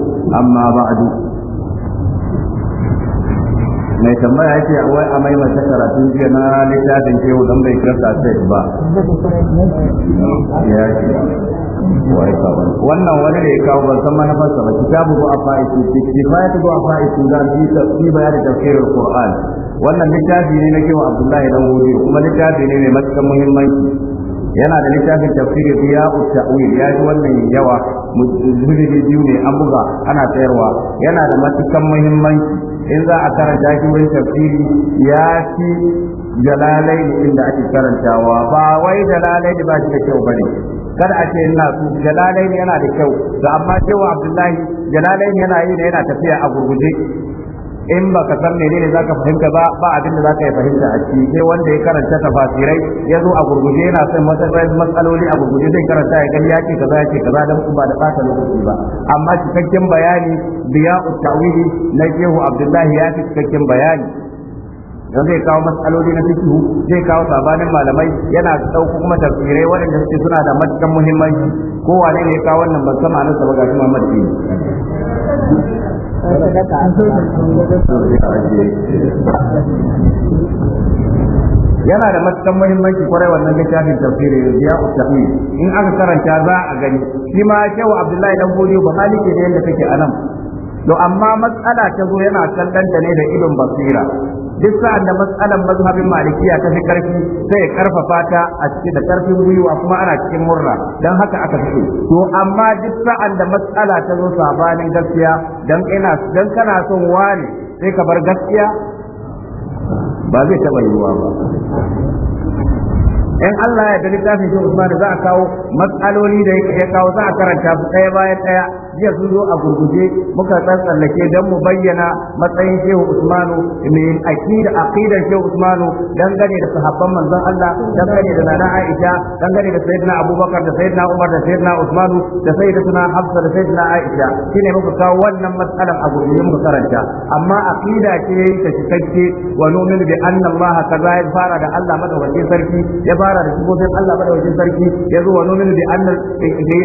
amma ba'du mai tambaya yake wai a mai mata karatun jiya na littafin ke dan bai kirasa sai ba ya ce wannan wani da ya kawo ban san manufarsa ba kitabu ko afaisu a ko afaisu da bi tafsir bayani tafsirul qur'an wannan littafi ne na kewa abdullahi dan hudu kuma littafi ne mai matakan muhimmanci yana da littafin tafsirin biya ta'wil ya yi wannan yawa mujallidi biyu ne an buga ana sayarwa yana da matukan muhimmanci in za a karanta shi wurin tafsiri ya ci jalalai ne inda ake karantawa ba wai jalalai ne ba shi da kyau ba ne, kada a ce ina su jalalai yana da kyau to amma cewa abdullahi jalalai yana yi ne yana tafiya a gurguje in ba ka san menene za ka fahimta ba ba abin da za ka yi fahimta a ciki sai wanda ya karanta tafasirai ya zo a gurguje yana son matsaloli a gurguje zai karanta ya gani ya ce kaza yake kaza dan ba da ɓata lokaci ba amma cikakken bayani biya tawili na jehu abdullahi ya fi cikakken bayani dan zai kawo matsaloli na fikihu zai kawo sabanin malamai yana dauku kuma tafsirai waɗanda suke suna da matakan muhimmanci Kowa ne ya kawo wannan ba sama na sa ba ga yana da matukan muhimmanci kwarai wannan littafin tafsiri ya utafi in aka karanta za a gani shi ma shehu abdullahi dan bodiyo ba maliki ne yadda take a nan to amma matsala ta zo yana sallanta ne da idon basira duk sa'an da matsalan mazhabin malikiya ta fi karfi sai karfafa ta a cikin da karfin gwiwa kuma ana cikin murna dan haka aka fi to amma duk sa'an da matsala ta zo sabanin gaskiya dan ina dan kana son wani sai ka bar gaskiya ba zai taba yiwuwa ba in Allah ya da littafin shi Usman za a kawo matsaloli da ya kawo za a karanta su ɗaya bayan ɗaya jiya sun zo a gurguje muka tsallake don mu bayyana matsayin Shehu Usmanu mai akida aqidar Shehu Usmanu dangane da sahabban manzon Allah dangane da Nana Aisha dangane da Sayyidina Abubakar da Sayyidina Umar da Sayyidina Usmanu da Sayyidatuna Hafsa da Sayyidina Aisha shine muka kawo wannan matsalar a gurguje muka karanta amma aqida ce ta cikakke wa nu'minu bi anna Allah kaza ya fara da Allah madawacin sarki ya fara da shi sai, Allah madawacin sarki ya zo wa nu'minu bi anna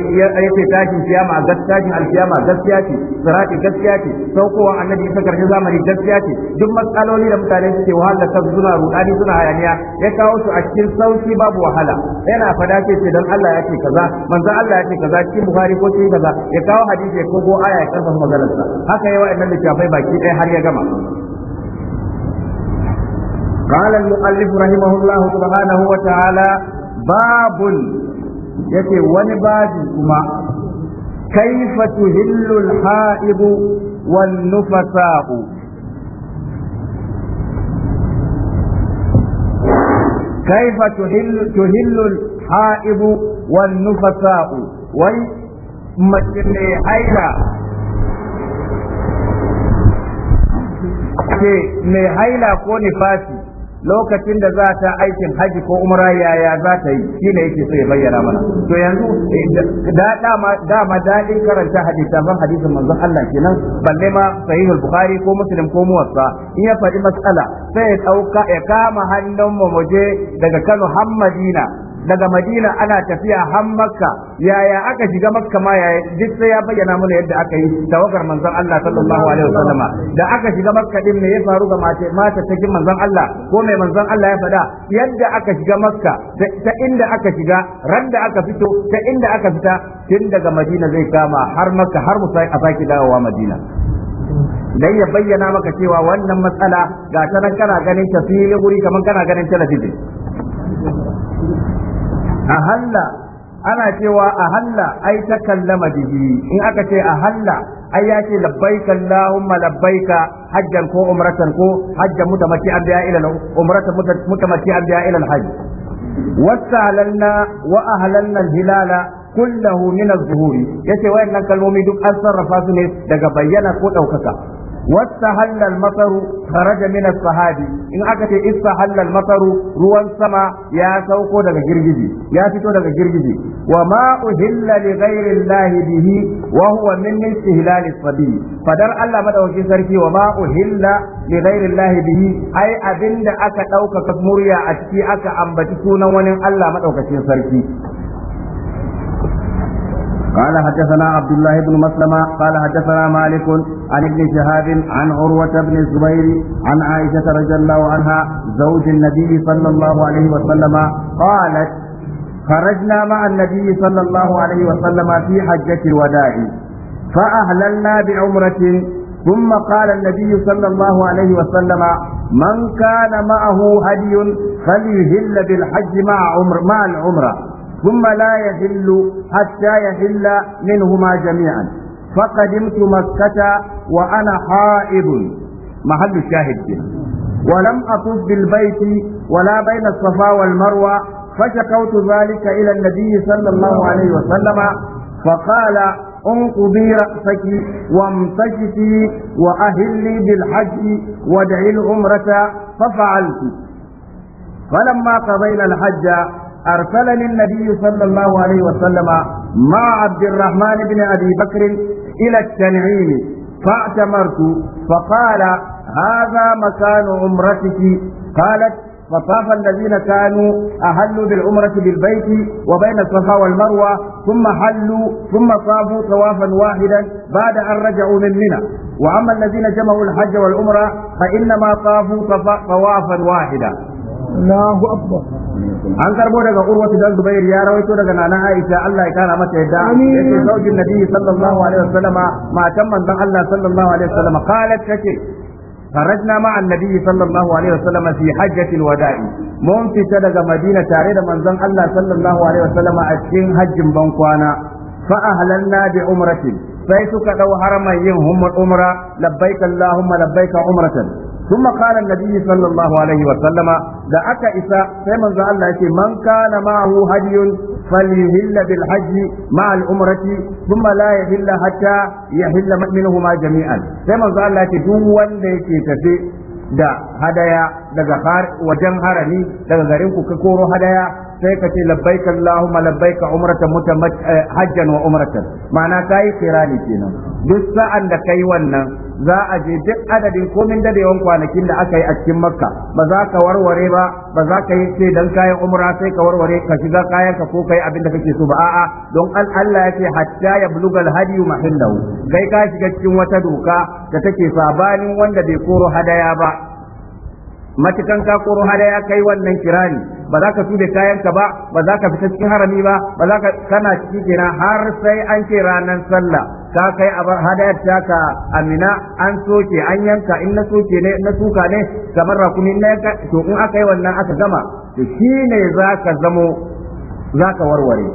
yake tashin kiyama a tashin alkiyama gaskiya ce sirati gaskiya ce saukowa annabi ta karshen zamani gaskiya ce duk matsaloli da mutane suke wahala ta suna rudani suna hayaniya ya kawo su a cikin sauki babu wahala yana fada ce ce dan Allah ya ce kaza manzon Allah ya ce kaza cikin Bukhari ko cikin kaza ya kawo hadisi ko ko aya ya karfafa sa, haka yawa annabi ta fai baki ɗaya har ya gama قال المؤلف رحمه الله سبحانه وتعالى باب yake wani babi kuma كيف تهل الحائض والنفساء كيف تهل تهل الحائض والنفساء وي مجمي حيلا ke mai haila ko nifasi lokacin da za ta aikin haji ko umra yaya za ta yi shi ne yake so ya bayyana mana to yanzu eh, dama daɗin karanta hadisa ban hadisin manzon Allah kenan balle ma sahih bukhari ko muslim ko muwassa in ya faɗi matsala sai ya ɗauka ya kama hannun mu muje daga Kano har Madina daga madina ana tafiya har makka yaya aka shiga makka ma yaya duk sai ya bayyana mana yadda aka yi tawagar manzon Allah sallallahu alaihi wasallama da aka shiga makka din ne ya faru ga mace mata cikin manzon Allah ko mai manzon Allah ya faɗa yadda aka shiga makka ta inda aka shiga ran da aka fito ta inda aka fita tun daga madina zai kama har makka har musai a sake dawowa madina dan ya bayyana maka cewa wannan matsala ga ta kana ganin ta fili guri kamar kana ganin talabijin ahalla ana cewa ahalla ai ta kallama bihi in aka ce ahalla ai ya ce labbaika allahumma labbaika hajjan ko umratan ko hajjan mutamaki an biya ila umratan mutamaki an biya ila alhajj wasalanna wa ahlanna alhilala kullahu min az-zuhuri yace wayannan kalmomi duk an sarrafa su ne daga bayyana ko daukaka واستهل المطر خرج من الصحابي إن أكت استهل المطر روان سما يا سوكو دغ جرجدي يا فيتو دغ جرجدي وما أهل لغير الله به وهو من استهلال الصبي فدر الله مدوكي سركي وما أهل لغير الله به أي أبند أكا أوكا كمريا أتكي أكا أمبتكونا ونن الله مدوكي سركي قال حدثنا عبد الله بن مسلمة قال حدثنا مالك عن ابن شهاب عن عروة بن الزبير عن عائشة رضي الله عنها زوج النبي صلى الله عليه وسلم قالت خرجنا مع النبي صلى الله عليه وسلم في حجة الوداع فأهللنا بعمرة ثم قال النبي صلى الله عليه وسلم من كان معه هدي فليهل بالحج مع عمر مع العمره ثم لا يحل حتى يحل منهما جميعا فقدمت مكة وأنا حائض محل الشاهد ولم أطف بالبيت ولا بين الصفا والمروة فشكوت ذلك إلى النبي صلى الله عليه وسلم فقال انقضي رأسك وامتشتي وأهلي بالحج وادعي العمرة ففعلت فلما قضينا الحج أرسلني النبي صلى الله عليه وسلم مع عبد الرحمن بن أبي بكر إلى التنعيم فاعتمرت فقال هذا مكان عمرتك قالت فطاف الذين كانوا أهلوا بالعمرة بالبيت وبين الصفا والمروة ثم حلوا ثم طافوا طوافا واحدا بعد أن رجعوا من منى وأما الذين جمعوا الحج والعمرة فإنما طافوا طوافا واحدا an karbo daga urwatu dan zubair ya rawaito daga nana aisha Allah ya kara mata yadda yake zaujin nabi sallallahu alaihi wasallama matan manzon Allah sallallahu alaihi wasallama qalat take خرجنا مع النبي صلى الله عليه وسلم في حجة الوداع مون في تدغ مدينة تاريد من زن الله صلى الله عليه وسلم أتشين حج بنقوانا فأهللنا بعمرة فيسك لو حرم يهم الأمرة لبيك اللهم لبيك عمرة ثم قال النبي صلى الله عليه وسلم da aka isa sai manzo Allah yake man kana ma'ahu hadiyun falyuhilla bil hajj ma'a al umrati thumma la yahilla hatta yahilla minhuma jami'an sai manzo Allah yake duk wanda yake tafe da hadaya daga wajen harami daga garin ku ka koro hadaya sai ka ce eh, hajjan wa umratan ma'ana kai kirani kenan duk sa'an da kai wannan za a je duk adadin komin dadewan kwanakin da aka yi a cikin makka ba za ka warware ba ba za ka yi ce dan kayan umra sai ka warware ka shiga kayan ka ko kai abin da kake so ba a'a don Allah yake hatta ya bulugal hadiyu mahallahu kai ka shiga cikin wata doka da take sabanin wanda bai koro hadaya ba matukan ka koro hadaya kai wannan kirani ba za ka su da kayan ka ba ba za ka fita cikin harami ba ba za ka kana ciki kenan har sai an ce ranar sallah ka kai hadayar taka amina an soke an yanka in na soke ne na suka ne kamar rakumi na yanka to in aka yi wannan aka gama to shine zaka zamo zaka warware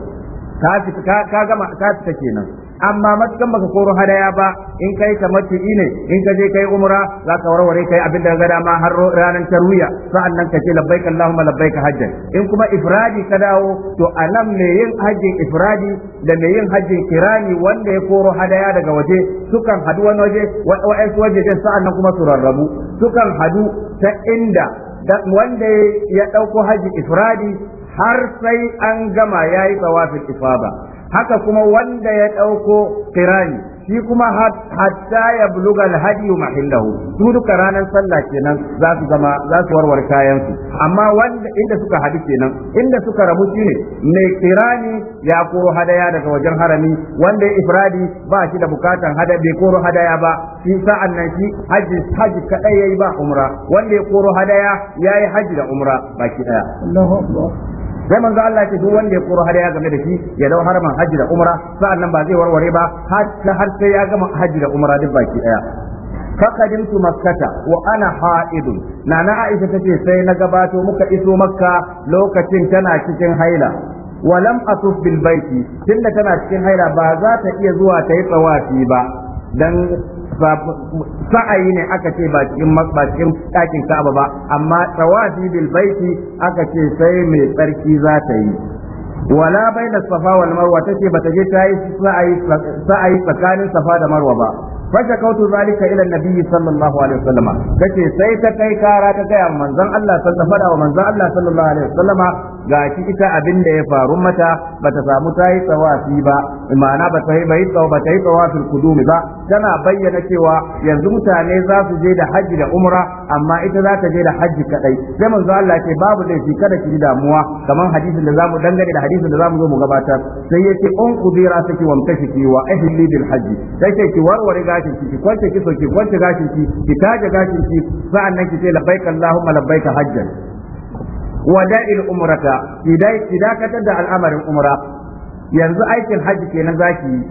ka gama ka fita kenan amma matukan baka koro hadaya ba in kai tamattu'i ne in ka je kai umra za ka warware kai abin da ga dama har ranar tarwiya sa'annan ka ce labbaik allahumma labbaik hajjan in kuma ifradi ka dawo to anan me yin hajjin ifradi da me yin hajjin kirani wanda ya koro hadaya daga waje sukan hadu wani waje wa'ansu waje din sa'annan kuma su rarrabu sukan hadu ta inda wanda ya ɗauko haji ifradi har sai an gama yayi yi tsawafin ifada haka kuma wanda ya ɗauko kirani shi kuma hatta ya buluga alhadiyu mahillahu su duka ranar sallah kenan za su zama za su warware kayansu, amma wanda inda suka hadu kenan inda suka rabu shine mai kirani ya koro hadaya daga wajen harami wanda ya ifradi ba shi da bukatan hada bai koro hadaya ba shi sa'an nan shi haji haji kadai yayi ba umra wanda ya koro hadaya yayi haji da umra baki daya Allahu akbar sai manzo Allah ce duk wanda ya koro har ya game da shi ya dau haraman haji da umra sa'an nan ba zai warware ba har har sai ya gama haji da umra duk baki daya faqadimtu makkata wa ana haidun nana Aisha tace sai na gabato muka iso makka lokacin tana cikin haila ولم أطف tana cikin haila ba za ta iya zuwa تيطا tsawafi ba دن sa'ayi ne aka ce ba cikin ɗakin Ka'aba ba amma tawafi bil baiti aka ce sai mai tsarki za ta yi wala bai da safa wal marwa tace bata je ta yi sa'ayi tsakanin safa da marwa ba fashakautu zalika ila nabiyyi sallallahu alaihi wasallam kace sai ta kai kara ta ga manzon Allah wa manzon Allah sallallahu alaihi wasallam gashi ita abin da ya faru mata bata samu yi tsawafi ba imana ba ta yi bai ba ta yi tsawafin kudumi ba tana bayyana cewa yanzu mutane za su je da hajji da umra amma ita za ta je da hajji kadai sai manzo Allah ce babu laifi kada ki damuwa kamar hadisin da zamu dangane da hadisin da zamu zo mu gabatar sai yace un kudira saki wamtashiki wa ahli bil hajji, sai ki warware gashin ki ki kwance ki ki kwance gashin ki ki taje gashin ki nan ki ce labbaik allahumma labbaik hajjan wada'il umrata ki dai ki dakatar da al'amarin umra yanzu aikin hajji kenan zaki yi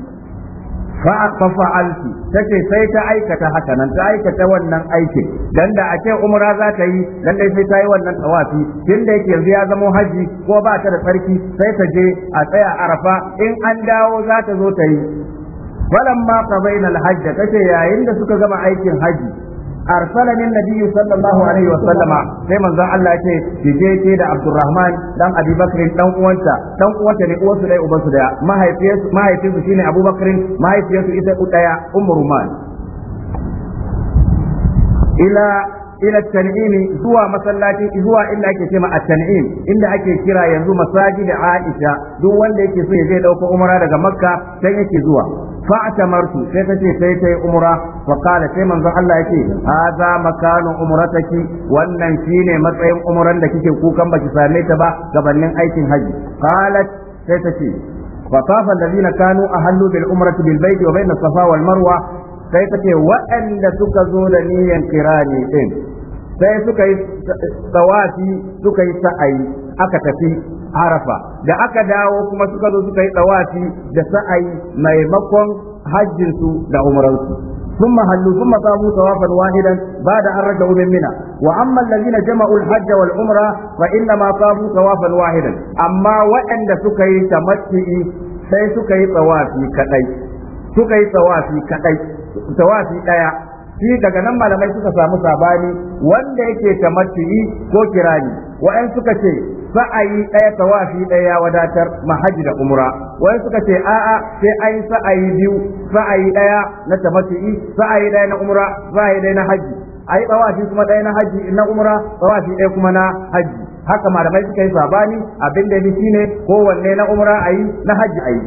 fa fa'alti take sai ta aikata haka nan ta aikata wannan aikin dan da a ce umra za ta yi dan dai sai ta yi wannan tawafi tun da yake yanzu ya zama haji ko ba ta da tsarki sai ta je a tsaya arafa in an dawo za ta zo ta yi falamma ma al-hajj kace yayin da suka gama aikin haji arsalani nabiyyu sallallahu alaihi wa sallama sai manzon Allah yake kije ke da Abdurrahman dan Abi Bakr dan uwanta dan uwanta ne uwarsu dai ubansu da mahaifiyarsu mahaifiyarsu shine Abubakar mahaifiyarsu ita daya Ummu Ruman ila ila tan'imi zuwa masallacin zuwa inda ake cema a tanim inda ake kira yanzu masajid Aisha duk wanda yake so ya je dauko umara daga Makka sai yake zuwa fa'tamartu sai tace sai tayi umara fa qala sai manzo Allah yake hadha makanu umrataki wannan shine matsayin umran da kike kukan baki same ta ba gabanin aikin haji qalat sai tace fa tafa alladhina kanu ahallu bil umrati bil bayti wa bayna safa wal sai ta ce waɗanda suka zo da niyan kirani ɗin sai suka yi tsawafi suka yi sa'ayi aka tafi arafa da aka dawo kuma suka zo suka yi tsawafi da sa'ayi maimakon hajjinsu da umaransu ثم هلوا ثم طافوا طوافا واحدا بعد ان رجعوا من منى واما الذين جمعوا الحج والعمره فانما طافوا طوافا واحدا اما وان سكي Amma waɗanda suka yi tsawafi sai suka yi tsawafi kadai shi daga nan malamai suka samu sabani wanda yake tamattu'i ko kirani wa'an suka ce sa'ayi ɗaya tawafi ɗaya ya wadatar mahaji da umra wa'an suka ce a'a sai ai sa'ayi biyu sa'ayi ɗaya na tamattu'i sa'ayi ɗaya na umra sa'ayi ɗaya na haji ai tawafi kuma ɗaya na haji na umra tawafi ɗaya kuma na haji haka malamai suka yi sabani abin da shine kowanne na umra ayi na haji ayi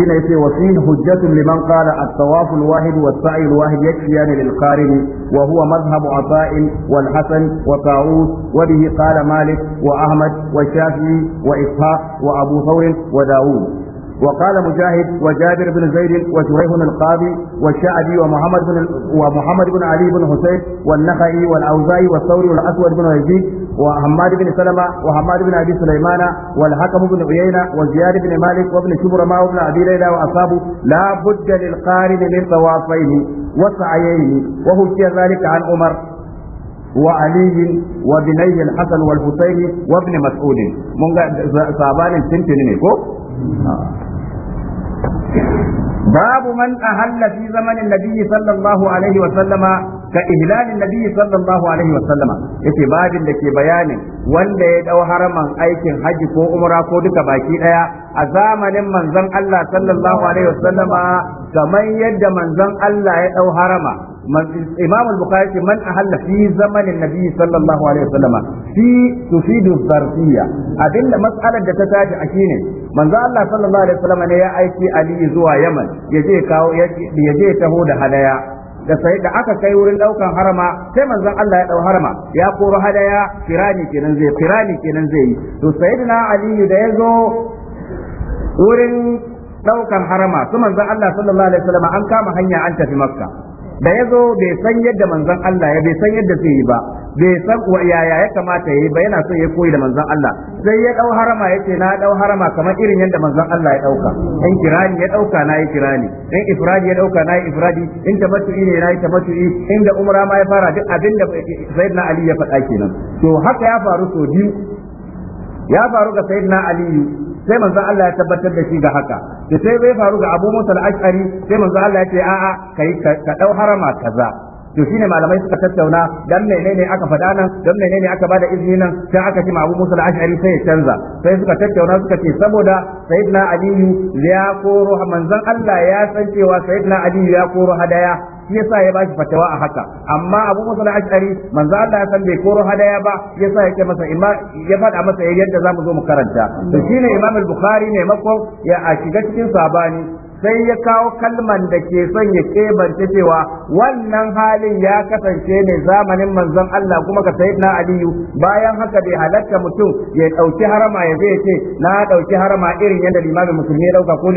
shine yace wa fihi hujjatun liman qala at-tawaf wahid wa as-sa'i al-wahid yakfiyani lil-qarin wa huwa madhhab Ata'in wal Hasan wa Ta'us wa bihi qala Malik wa Ahmad wa Shafi'i wa Ishaq wa Abu wa Dawud وقال مجاهد وجابر بن زيد وشريح القاضي والشعبي ومحمد بن ومحمد بن علي بن حسين والنخعي والاوزاعي والثوري والاسود بن يزيد وحماد بن سلمة وحماد بن أبي سليمان والحكم بن عيينة وزياد بن مالك وابن شبرمة وابن أبي ليلى وأصحابه لا بد للقارن من طوافين وسعيين وحكي ذلك عن عمر وعلي وبنيه الحسن والحسين وابن مسعود من صابان تنتني باب من أهل في زمن النبي صلى الله عليه وسلم ka ihlalin nabi sallallahu alaihi wa sallama yace babin da ke bayanin wanda ya dau haraman aikin haji ko umra ko duka baki daya a zamanin manzon Allah sallallahu alaihi wa sallama kamar yadda manzon Allah ya dau harama imam al-bukhari ce man ahalla fi zamanin nabi sallallahu alaihi wasallama fi tufidu zarfiyya abinda mas'alar da ta tashi a shine manzo Allah sallallahu alaihi wa sallama ne ya aiki Ali zuwa Yaman yaje kawo yaje taho da hadaya da sai da aka kai wurin daukan harama sai manzon Allah ya dau harama ya koro hadaya firani kenan zai firani kenan zai yi to sayyidina ali da ya zo wurin daukan harama su manzon Allah sallallahu alaihi wasallam an kama hanya an tafi makka da ya zo bai san yadda manzon Allah ya bai san yadda zai yi ba bai san yaya ya kamata ya yi ba yana so ya koyi da manzon Allah sai ya dau harama yace na dau harama kamar irin yadda manzon Allah ya dauka in kirani ya dauka na yi kirani in ifradi ya dauka na yi ifradi in tamattu'i ne na yi in da umra ma ya fara duk abin da sayyidina Ali ya faɗa kenan to haka ya faru so biyu ya faru ga sayyidina Ali sai manzon Allah ya tabbatar da shi ga haka da sai bai faru ga Abu Musa al-Ash'ari sai manzon Allah ya ce a'a kai ka dau harama kaza to shine malamai suka tattauna dan menene aka faɗa nan dan menene aka bada izini nan sai aka ce Abu Musa al-Ash'ari sai ya canza sai suka tattauna suka ce saboda Sayyidina Aliyu ya koro manzon Allah ya san cewa Sayyidina Aliyu ya koro hadaya shi yasa ya bashi fatawa a haka amma Abu Musa al-Ash'ari manzo Allah ya san bai koro hadaya ba yasa yake masa ya faɗa masa yadda zamu zo mu karanta to shine Imam al-Bukhari ne mako ya a shiga cikin sabani sai ya kawo kalman da ke son ya kebance cewa wannan halin ya kasance ne zamanin manzon Allah kuma ka sayyidina Aliyu bayan haka bai halatta mutum ya dauki harama ya zai ce na dauki harama irin yadda limamin musulmi ya dauka ko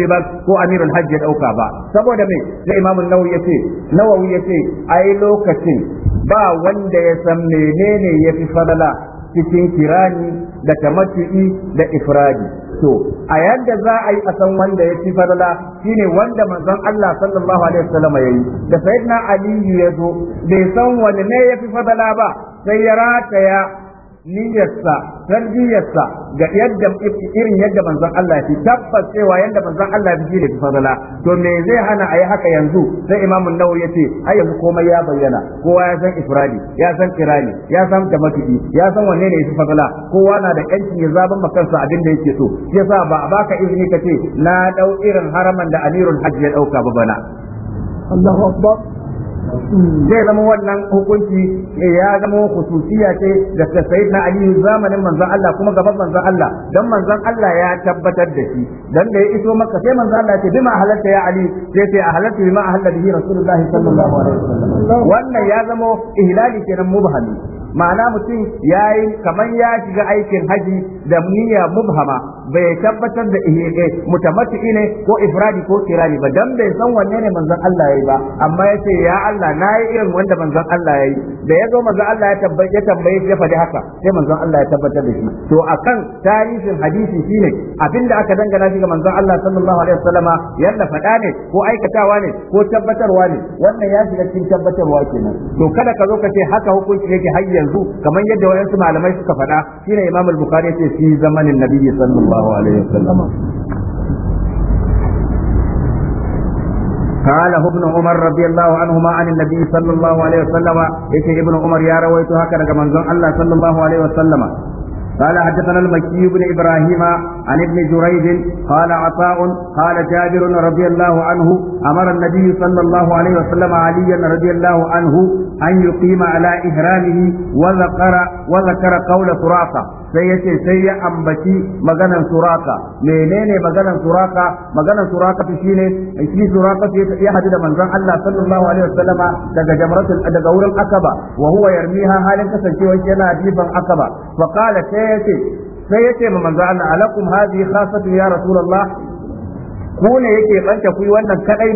ko amirul hajj ya dauka ba saboda me sai imamu nawawi ya ce nawawi ya ce ai lokacin ba wanda ya san menene ya fi fadala cikin kirani da tamattu'i da ifradi to a yanda za a yi a san wanda ya ci farla shine wanda manzon Allah sallallahu alaihi wasallam yayi da sayyidina Ali ya zo bai san wani ne ya fi farla ba sai ya rataya niyyarsa tarbiyyarsa ga yadda irin yadda manzon Allah ya fi tabbas cewa yadda manzon Allah ya fi da fadala to me zai hana a yi haka yanzu sai Imam Nawawi yace ai yanzu komai ya bayyana kowa ya san ifradi ya san kirani ya san tamattu'i ya san wanne ne yafi fadala kowa na da yancin ya zaban makansa abin da yake so shi yasa ba a baka izini kace na dau irin haraman da Amirul Hajj ya dauka ba bana Allahu akbar zai zama wannan hukunci ya zama khususiya ce da sayyidina Ali zamanin manzon Allah kuma gaban manzon Allah dan manzon Allah ya tabbatar da shi dan da ya iso maka sai manzon Allah ce bima halatta ya Ali sai sai halatta bima ahalla bihi Rasulullah sallallahu alaihi wasallam wannan ya zama ihlali kenan mubhami ma'ana mutum ya yi kamar ya shiga aikin haji da niyya mubhama bai tabbatar da ihqi eh, mutamatti ne ko ifradi ko Kirari ba dan bai san wanne ne manzon Allah yayi ba amma yace ya Allah nayi irin wanda manzon Allah yayi da yazo manzon Allah ya tabbata ya tambaye ya faɗi haka sai manzon Allah ya tabbatar da shi to akan tarihin hadisi shine abinda aka dangana shi ga manzon Allah sallallahu alaihi wasallama yalla faɗa ne ko aikatawa ne ko tabbatarwa ne wannan ya shiga cikin tabbatarwa kenan to kada ka zo ka ce haka hukunci yake hayya yanzu kamar yadda wayansu malamai suka faɗa shine Imam al-Bukhari yace fi zamanin Nabi sallallahu alaihi wasallam قال ابن عمر رضي الله عنهما عن النبي صلى الله عليه وسلم ابن عمر يا رويت هكذا كما الله صلى الله عليه وسلم قال حدثنا المكي بن ابراهيم عن ابن جريج قال عطاء قال جابر رضي الله عنه امر النبي صلى الله عليه وسلم عليا رضي الله عنه ان يقيم على احرامه وذكر وذكر قول سراقه sai yace sai ya ambaci maganan suraka menene maganan suraka maganan suraka shine shi suraka ya hadu da manzon Allah sallallahu alaihi wasallama daga jamratul daga wurin akaba wa huwa yarmiha halin kasancewa yana difan akaba fa qala sai yace sai yace ma manzon Allah alakum hadhihi khasatu ya rasulullah ku ne yake banke ku wannan kadai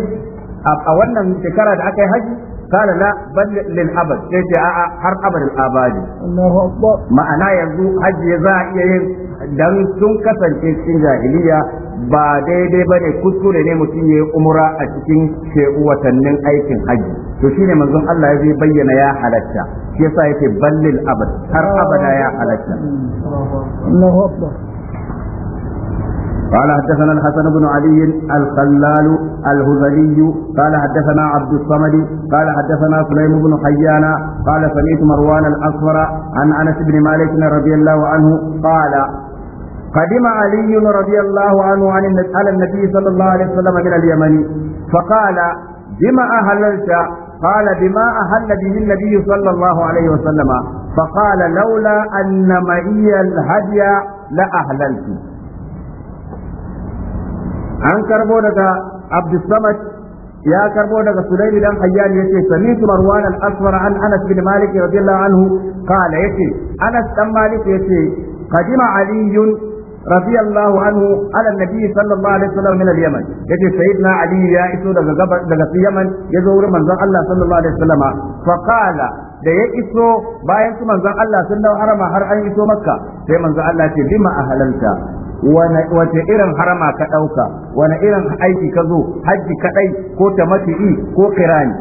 a wannan shekara da aka yi haji قال لا بل للأبد يجي har abadin abadi ma'ana yanzu hajji za iya yin dan sun kasance cikin jahiliya ba daidai ba ne kuskure ne mutum ya yi umura a cikin watannin aikin hajji to shine manzon Allah ya bayyana ya halatta shi yasa yake ballil abad har abada ya halatta Allahu akbar قال حدثنا الحسن بن علي الخلال الهذلي قال حدثنا عبد الصمد قال حدثنا سليم بن حيان قال سمعت مروان الأصفر عن أنس بن مالك رضي الله عنه قال قدم علي رضي الله عنه عن على النبي صلى الله عليه وسلم من اليمن فقال بما أهللت قال بما أهل به النبي صلى الله عليه وسلم فقال لولا أن معي الهدي لأهللت an karbo daga abdussamad ya karbo daga sulaimi dan hayyan yace sami'tu marwan al-asfar an anas bin malik radiyallahu anhu qala yace anas dan malik yace qadima aliyun رضي الله عنه على النبي صلى الله عليه وسلم من اليمن يجي سيدنا علي يا إسو daga ya يمن يزور من الله صلى الله عليه وسلم فقال da ya iso bayan su manzon Allah sun dau harama har an iso makka sai manzon Allah ce bima ahalalta wace irin harama ka ɗauka wani irin aiki ka zo hajji kaɗai ko ta tamati'i ko kirani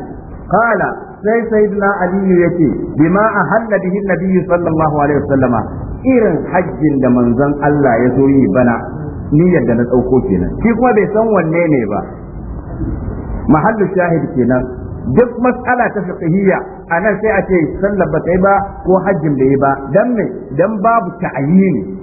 kala sai sai na aliyu yace bima ahalla bihi nabiyu sallallahu alaihi wasallama irin hajjin da manzon Allah ya zo yi bana niyyar da na ɗauko kenan shi kuma bai san wanne ne ba mahallu shahid kenan duk mas'ala ta fiqhiyya anan sai a ce sallar ba ta ba ko hajjin bai yi ba dan me dan babu ta'ayini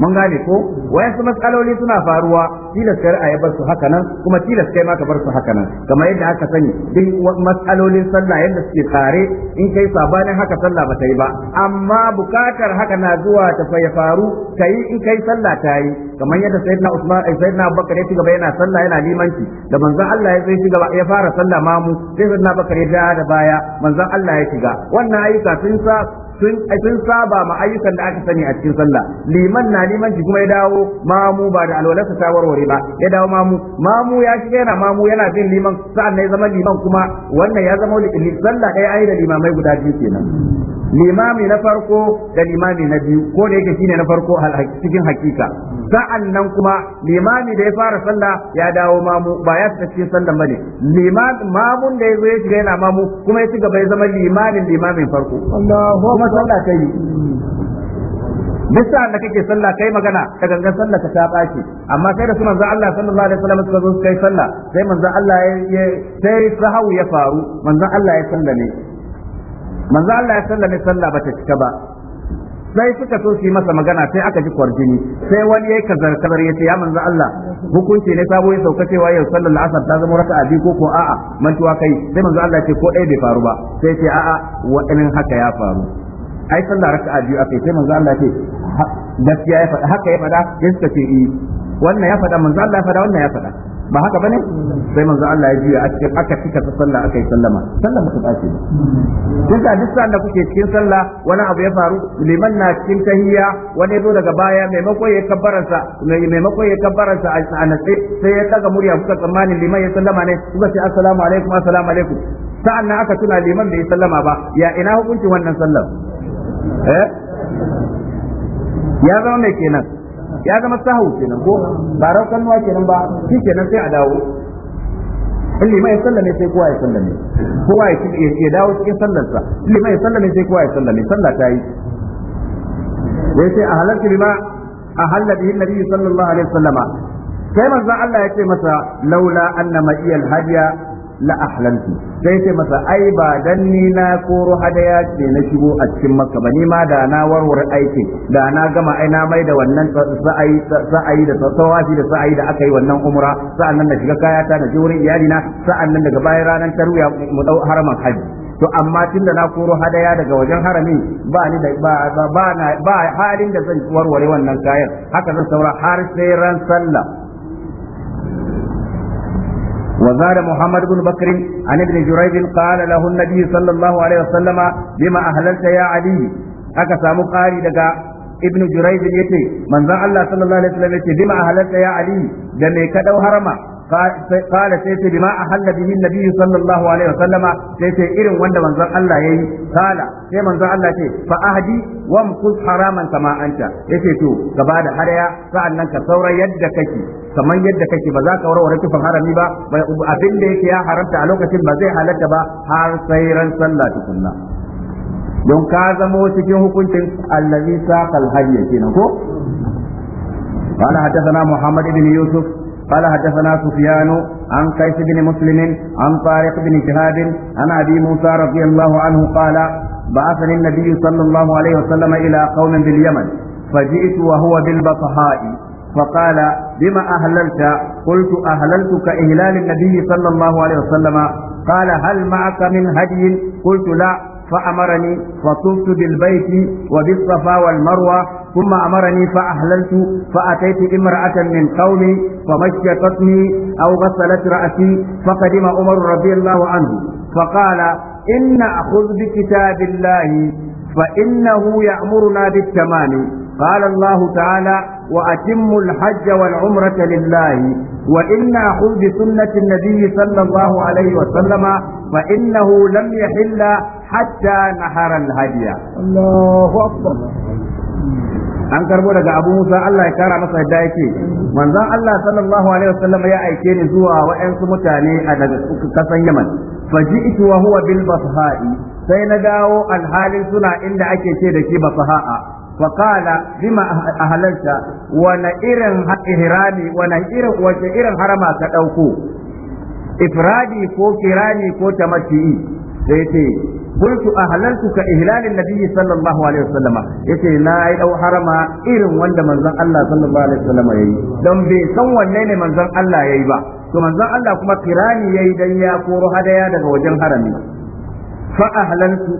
mun gane ko wayansu matsaloli suna faruwa tilas kai a bar su haka nan kuma tilas kai ma ka bar su haka nan kamar yadda aka sani duk matsalolin sallah yadda suke tsare in kai sabanin haka sallah ba ta yi ba amma bukatar haka na zuwa ta fa ya faru kai in kai sallah ta yi kamar yadda sayyidina Usman ai eh, sayyidina Abubakar ya gaba yana sallah yana limanci da manzon Allah ya zai shiga ya fara sallah mamu mu sayyidina Abubakar ya da baya manzon Allah ya shiga wannan ayyuka sun sa sun saba ma ayyukan da aka sani a cikin sallah liman na liman shi kuma ya dawo mamu ba da alwalarsa ta warware ba ya dawo mamu mamu ya shiga yana mamu yana bin liman sa'an ya zama liman kuma wannan ya zama sallah ɗaya ayi da limamai guda biyu kenan limami na farko da limami na biyu ko da yake shine na farko cikin hakika sa'an nan kuma limami da ya fara sallah ya dawo mamu ba ya fita cikin sallan bane limamin mamun da ya zo ya shiga yana mamu kuma ya ci gaba ya zama limamin limamin farko kuma sallah ta yi duk da kake sallah kai magana ka ganga sallah ka ta baki amma sai da su Allah sallallahu alaihi wasallam suka zo su kai sallah sai manzo Allah ya sai sahau ya faru manzo Allah ya sallame manzo Allah ya sallame sallah bata cika ba sai suka so su yi masa magana sai aka ji kwarjini sai wani yayi kazar kazar yace ya manzo Allah hukunci ne sabo ya sauka cewa yau sallar asar ta zama raka'a biyu ko ko a'a mantuwa kai sai manzo Allah ce ko ɗaya bai faru ba sai ce a'a waɗannan haka ya faru ai sallar raka'a biyu akai sai manzo Allah ce gaskiya ya faɗa haka ya faɗa sai suka ce eh wannan ya faɗa manzo Allah ya faɗa wannan ya faɗa ba haka bane sai manzo Allah ya juya cikin aka tika ta sallah aka yi sallama sallama ta bace ba duk da duk sanda kuke cikin sallah wani abu ya faru liman na cikin tahiyya wani zo daga baya maimakon ya kabbaransa maimakon ya kabbaransa a natsi sai ya daga murya kuka tsammanin liman ya sallama ne kuka ce assalamu alaikum assalamu alaikum sa'an nan aka tuna liman bai sallama ba ya ina hukunci wannan sallar eh ya zama mai kenan ya zama sahu kenan ko ba nuwa kenan ba shi kenan sai a dawo in lima ya sallame sai kowa ya sallame kowa ya dawo cikin sallarsa in lima ya sallame sai kowa ya sallame sallah ta yi wai sai a halarci lima a halar bihin nabi sallallahu alaihi wasallama sai manzan Allah ya ce masa laula anna ma'iyal hadiya la ahlantu sai sai masa ai ba dan ni na koro hadaya ce na shigo a cikin makka ba ni ma da na warware aikin da na gama ai na mai da wannan sa'ayi sa'ayi da tawafi da sa'ayi da aka yi wannan umra nan na shiga kayata da wurin iyalina nan daga bayan ranar tarwiya mu dau haraman haji to amma tun da na koro hadaya daga wajen haramin ba ni da ba ba halin da zan warware wannan kayan haka zan saura har sai ran sallah وزاد محمد بن بكر عن ابن جريج قال له النبي صلى الله عليه وسلم بما أهللت يا علي أكسى مقاري دقاء ابن جريج يتي من ذا الله صلى الله عليه وسلم يتي بما أهللت يا علي دمي كدو هرما qala sai ce bima ahalla bihi nabi sallallahu alaihi wasallama sai irin wanda manzon Allah yayi qala sai manzon Allah ce fa ahdi wa mkus haraman kama anta yace to gaba da hadaya sa'annan ka saura yadda kake kamar yadda kake ba za ka warware kifin harami ba abin da yake ya haramta a lokacin ba zai halarta ba har sai ran sallah tukunna don ka zamo cikin hukuncin allazi saqal hayya kenan ko قال حدثنا محمد بن يوسف قال حدثنا سفيان عن قيس بن مسلم عن طارق بن شهاب عن ابي موسى رضي الله عنه قال بعثني النبي صلى الله عليه وسلم الى قوم باليمن فجئت وهو بالبطحاء فقال بما اهللت قلت اهللتك اهلال النبي صلى الله عليه وسلم قال هل معك من هدي قلت لا فأمرني فطفت بالبيت وبالصفا والمروة ثم أمرني فأهللت فأتيت امرأة من قومي فمشطتني أو غسلت رأسي فقدم عمر رضي الله عنه فقال إن أخذ بكتاب الله فإنه يأمرنا بالتمام قال الله تعالى وأتموا الحج والعمرة لله وإن أخذ بسنة النبي صلى الله عليه وسلم فإنه لم يحل حتى نحر الهدي الله أكبر an karbo daga Abu Musa Allah ya kara masa yadda yake manzon Allah sallallahu alaihi wasallam ya aike ni zuwa waɗansu mutane a daga kasan Yaman faji'tu wa huwa bil basha'i sai na dawo alhalin suna inda ake ce da shi basha'a فقال بما zima a halarta إهرامي irin wace ɗauko? harama ka ko ifradi ko kirani ko tamati sai Kultu a halartu ka ihila ni na biyu sallallahu alaihi wa sallama. Ya ce na yi ɗau harama irin wanda manzan Allah sallaba wa sallama ya yi. Don bai san wanne ne manzan Allah ya ba. To manzan kuma kirani yayi dan ya koro haɗaya daga wajen harami. Fa a halartu.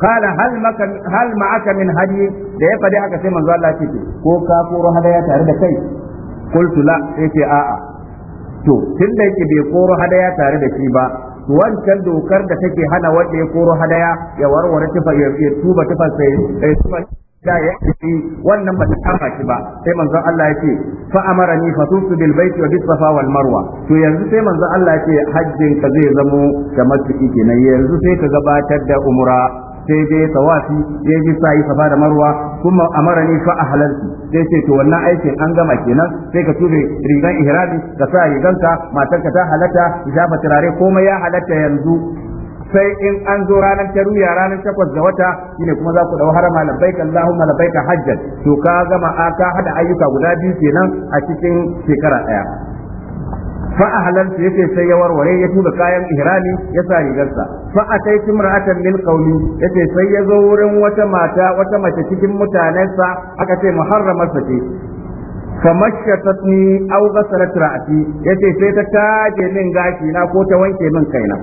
Kada hal ma min haɗiye da ya fadi aka cewa manganla ce-ce. Ko ka koro haɗaya tare da kai. Kultula ya ce a'a. To tun bai ta be koro haɗaya tare da shi ba. wancan dokar da take hana wanda ya koro hadaya ya warware tufa ya tuba tufa sai ya tuba da ya yi wannan ba ta kama shi ba sai manzon Allah ya ce fa ni fa tusu bil baiti wa bis safa wal marwa to yanzu sai manzon Allah ya ce hajjin ka zai zamo da masjidi kenan yanzu sai ka gabatar da umra sai dai tawafi ya yi sa'i safa da marwa kuma amarani fa a halarci sai ce to wannan aikin an gama kenan sai ka ture rigan ihrami ka sa riganka matarka ta halatta ki shafa turare komai ya halatta yanzu sai in an zo ranar taruya ranar takwas ga wata shine kuma za ku dau ma labbaika Allahumma labbaika hajjat to ka gama aka hada ayyuka guda biyu kenan a cikin shekara daya fa ahlaltu yace sai ya warware ya tuba kayan ihrami ya sa rigarsa fa ataitu imra'atan min qawmi yace sai ya zo wurin wata mata wata mace cikin mutanensa aka ce muharramarsa ce famashatatni aw ghasalat ra'si yace sai ta taje min gashi na ko ta wanke min kaina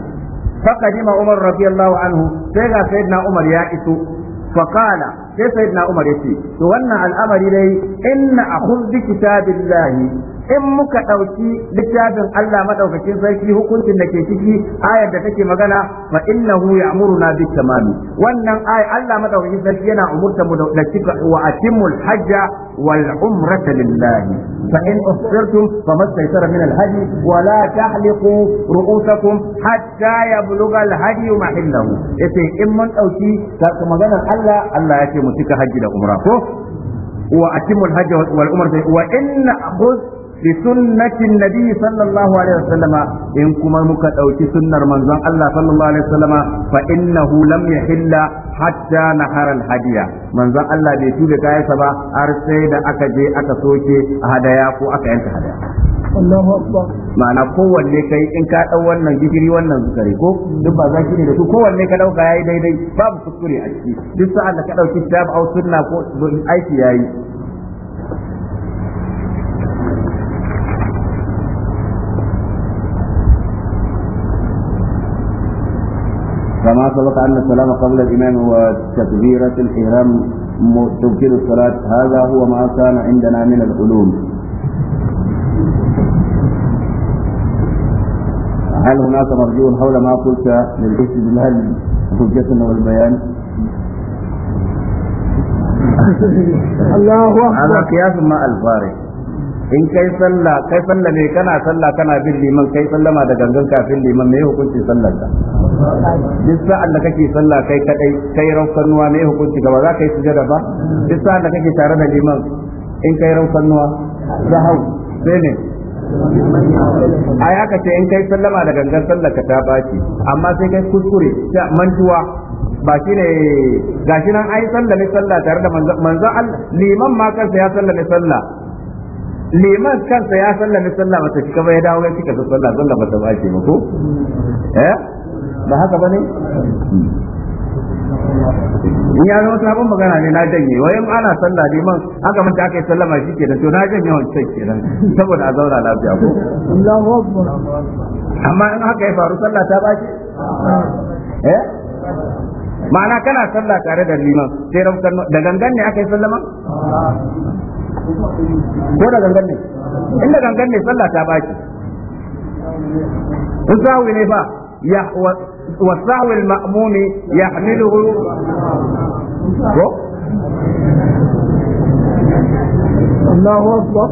فقدم umar رضي anhu sai ga سيدنا عمر ya iso, فقال sai sai na umar yace to wannan al'amari dai inna akhudh bi kitabillahi in muka ɗauki littafin Allah madaukakin sarki hukuncin da ke ciki ayar da take magana fa innahu na bit tamami wannan ayar Allah madaukakin sarki yana umurta mu da cika wa atimul hajja wal umrata lillahi fa in usirtum famastaysara min al hadi wa la tahliqu ru'usakum hatta yablugha al hadi mahallahu yace in mun ɗauki maganar Allah Allah ya ce mu cika hajji da umra ko wa atimul hajja wal umrata wa in khudh bi sunnatin nabi sallallahu alaihi wasallama in kuma muka ɗauki sunnar manzon Allah sallallahu alaihi wasallama fa innahu lam yahilla hatta nahara al-hadiya manzon Allah bai tuba kayansa ba har sai da aka je aka soke hadaya ko aka yanka hadaya Allahu akbar ma'ana kowanne kai in ka dau wannan gidiri wannan zukare ko duk ba za ne da su kowanne ka dauka yayi daidai babu kuskure a ciki duk sa'an da ka dauki kitab au sunna ko aiki yayi كما سبق أن السلام قبل الإمام وتكبيرة الإحرام تمكن الصلاة هذا هو ما كان عندنا من العلوم هل هناك مرجو حول ما قلت للاستدلال حجتنا والبيان؟ الله أكبر هذا قياس ما الفارق in kai sallah kai sallah ne kana sallah kana bin liman kai sallama da gangan kafin liman me hukunci sallar ka duk sa'an da kake sallah kai kadai kai raukanuwa me hukunci ga ba za ka yi sujada ba duk sa'an da kake tare da liman in kai raukanuwa za hau sai ne a ya ce in kai sallama da gangan sallar ka ta baki amma sai kai kuskure mantuwa ba shi ne gashi nan ai sallame sallah tare da manzo Allah liman ma kansa ya sallame sallah liman kansa ya sallame sallah mata cika ba ya dawo ya cika sallah sallah ba ta bace ba ko eh ba haka bane in ya zama sabon magana ne na janye wayan ana sallah liman haka mun take sallama shi ke da to na janye wancan kenan saboda a zauna lafiya ko Allahu akbar amma in haka ya faru sallah ta baki eh ma'ana kana sallah tare da liman sai da gangan ne aka yi sallama ko da gangan ne inda gangan ne sallah ta baki usawi ne fa ya wa sahwi al-ma'mumi yahmiluhu ko Allahu akbar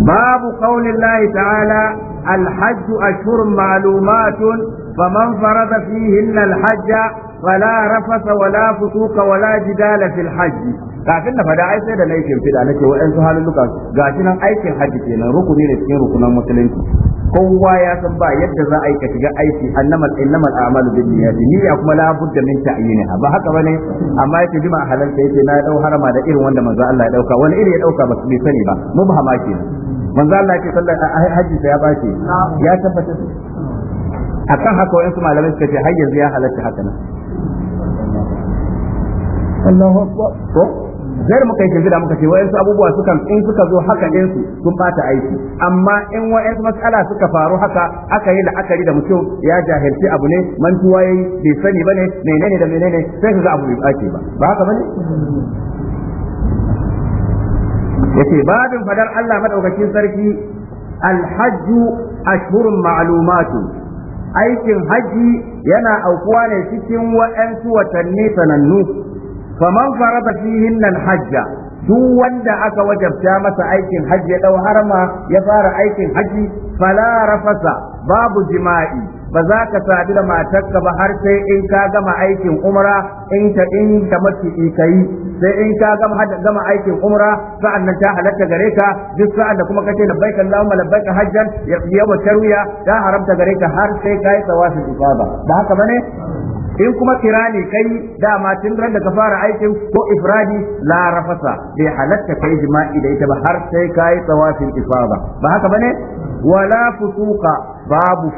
باب قول الله تعالى الحج أشهر معلومات فمن فرض فيهن الحج فلا رفث ولا فسوق ولا جدال في الحج kafin na fada ai sai da nayi shimfiɗa nake wa'ansu halulluka gashi nan aikin hajji kenan rukuni ne cikin rukunan musulunci kowa ya san ba yadda za a yi ka shiga aiki annamal innamal a'malu bin niyyati niyya kuma la budda min ta'yiniha ba haka bane amma yake jima halal sai yake na dau harama da irin wanda manzo Allah ya dauka wani iri ya dauka ba bai sani ba mu mubhama kenan manzo Allah yake sallar hajji sai ya bace ya tabbata akan haka wa'ansu malamai suka ce har yanzu ya halatta haka nan Allahu zai muka yi da muka ce wa'yansu abubuwa sukan in suka zo haka ɗin sun ɓata aiki amma in wa'yansu matsala suka faru haka aka yi la'akari da mutum ya jahilci abu ne mantuwa yi bai sani ba ne, menene da menene sai su ga abu bai ɓace ba ba haka bane yace babin fadar Allah madaukakin sarki alhajju ashhurun ma'alumatu aikin haji yana aukuwa ne cikin wa'yansu watanni sanannu faman farada fihinna hajja duk wanda aka wajabta masa aikin hajji ya dau harma ya fara aikin hajji fala rafasa babu jima'i ba za ka sadu da matarka ba har sai in ka gama aikin umra in ta in ta mace kai sai in ka gama gama aikin umra sa'an nan ta halatta gare ka duk sa'an da kuma kace labbaik Allahumma labbaik hajjan ya yawa tarwiya ta haramta gare ka har sai kai tawafin ifada ba haka bane in kuma kirani kai dama tun ran da ka fara aikin ko ifradi la rafasa bai halatta kai jima'i da ita ba har sai kai tawafin ifada ba haka bane wala fusuka babu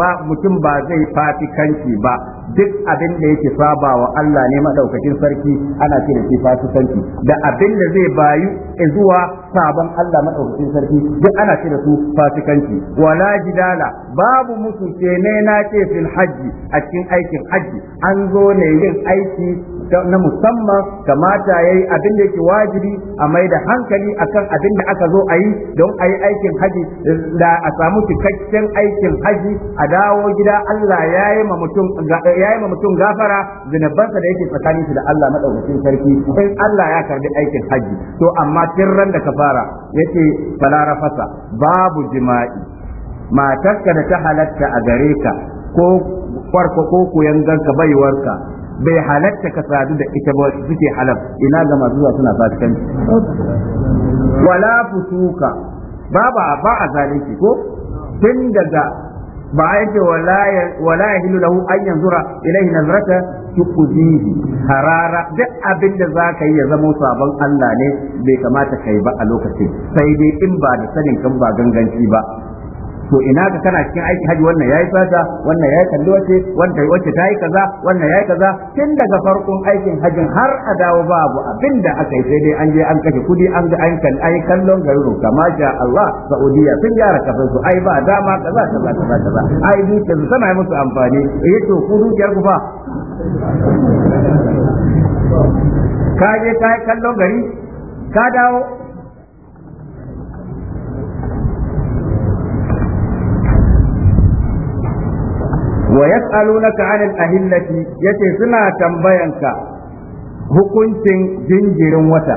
ba mutum ba zai kanki ba duk abin da yake saba wa Allah ne madaukakin sarki ana ce da shi fasikanci da abin da zai bayu zuwa sabon Allah madaukakin sarki duk ana ce da su fasikanci wala jidala babu musu ce ne na ce fil hajji a cikin aikin haji? an zo ne yin aiki na musamman kamata yayi abin da yake wajibi a mai da hankali akan abin da aka zo a yi don a yi aikin haji da a samu cikakken aikin haji a dawo gida Allah ya yi ma mutum eh, yayi ma mutum gafara zinabansa da yake tsakanin shi da Allah madaukakin sarki in Allah ya karbi aikin hajji to amma tirran da kafara yake fala fasa babu jima'i matarka da ta halatta a gare ka ko farko ko koyan ganka baiwarka bai halatta ka sadu da ita ba suke halal ina ga masu zuwa suna fasikanci wala fusuka babu ba a zalunci ko tun daga ba a yake wala ya hilu lahu an yanzura ilaihi nazrata tuqzihi harara duk abin da zaka yi ya zama sabon Allah ne bai kamata kai ba a lokacin sai dai in ba da sanin kan ba ganganci ba to ina ka kana cikin aiki haji wannan yayi fata wannan yayi kalli wace wanda wace tayi kaza wannan yayi kaza tun daga farkon aikin hajin har a dawo babu abinda aka yi sai dai an je an kashe kudi an ga an kan ai kallon garuru kama sha Allah Saudiya sun gyara kafin su ai ba dama kaza kaza kaza kaza ai dukiyar su tana musu amfani eh to ku dukiyar ku fa ka je ka kallon gari ka dawo wa yas'alunaka 'anil ahillati yace suna tambayanka hukuncin jinjirin wata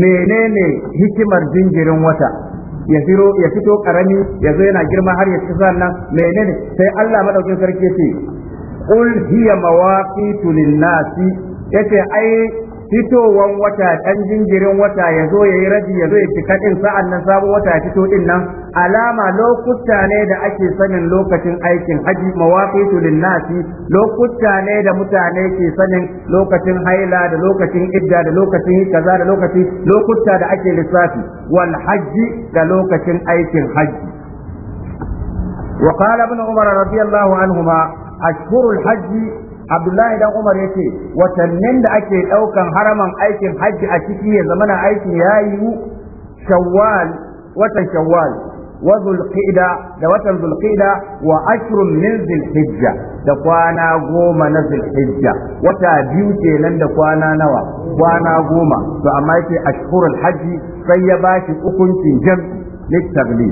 menene hikimar jinjirin wata ya firo ya fito karami ya zo yana girma har ya ci nan? menene sai Allah madaukin sarki ce qul hiya mawaqitu lin-nasi yace ai fitowan wata ɗan jinjirin wata ya zo ya yi raji ya zo ya ci kaɗin sa'an nan sabon wata ya fito ɗin nan alama lokuta ne da ake sanin lokacin aikin haji mawaqitu linnasi lokuta ne da mutane ke sanin lokacin haila da lokacin idda da lokacin kaza da lokacin lokuta da ake lissafi wal haji da lokacin aikin haji وقال ابن عمر رضي الله عنهما أشهر الحج Abdullahi dan Umar ya ce, watannin da ake ɗaukan haraman aikin hajji a ciki ya zamana aiki yayi Shawwal watan Shawwal wa Zulqa'da da watan Zulqa'da wa ashrun min Zulhijja da kwana goma na Zulhijja wata biyu kenan da kwana nawa kwana goma to amma yake ashhurul hajji sai ya bashi hukuncin jam'i litabli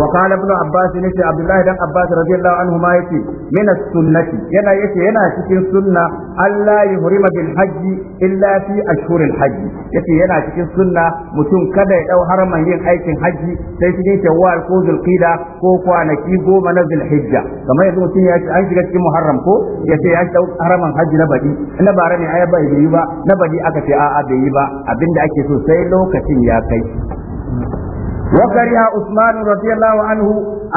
وقال ابن عباس نتي عبد الله بن عباس رضي الله عنهما يتي من السنة ينا يتي ينا تكين سنة ألا يهرم بالحج إلا في أشهر الحج يتي ينا تكين سنة متون كذا أو حرم ين أي حج سيتكين شوال كوز القيدة كو كوانكي كو منزل الحجة كما يزم سنة أنت كتكين محرم كو يتي أنت حرم حج نبدي نبارني أيبا يبا نبدي أكتي آآ بيبا أبند أكي سيلو كتين يا كي وكره عثمان رضي الله عنه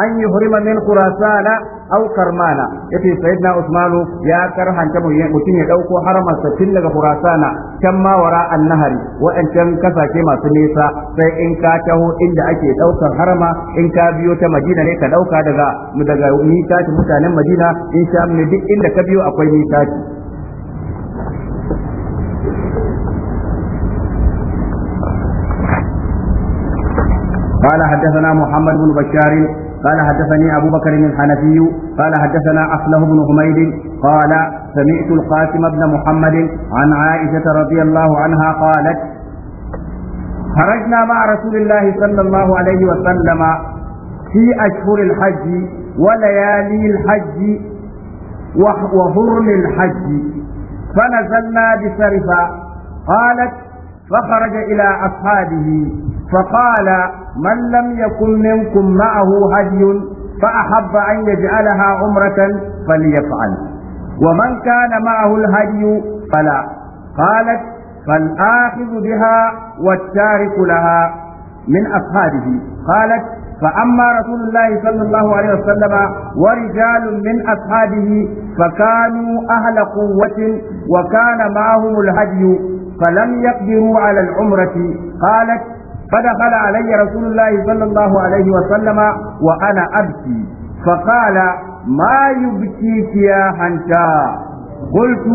أن يحرم من خراسان أو كرمان يتي سيدنا عثمان يا كره أن تمو يمتين يدوكو حرم ستين لغا خراسان كما وراء النهر وأن كان كسا كما سنيسا سي إن كاته إن دا أكي دوكا حرم إن كابيو تمدينة ليك دوكا دغا مدغا ميتات متانا مدينة إن شام ندي إن دا كابيو أقوي ميتات قال حدثنا محمد بن بشار قال حدثني أبو بكر الحنفي قال حدثنا أخله بن حميد قال سمعت القاسم بن محمد عن عائشة رضي الله عنها قالت خرجنا مع رسول الله صلى الله عليه وسلم في أشهر الحج وليالي الحج وحرم الحج فنزلنا بسرفة قالت فخرج إلى أصحابه فقال من لم يكن منكم معه هدي فأحب أن يجعلها عمرة فليفعل ومن كان معه الهدي فلا قالت فالآخذ بها والتارك لها من أصحابه قالت فأما رسول الله صلى الله عليه وسلم ورجال من أصحابه فكانوا أهل قوة وكان معهم الهدي فلم يقدروا على العمرة قالت فدخل علي رسول الله صلى الله عليه وسلم وأنا أبكي فقال ما يبكيك يا هنتا قلت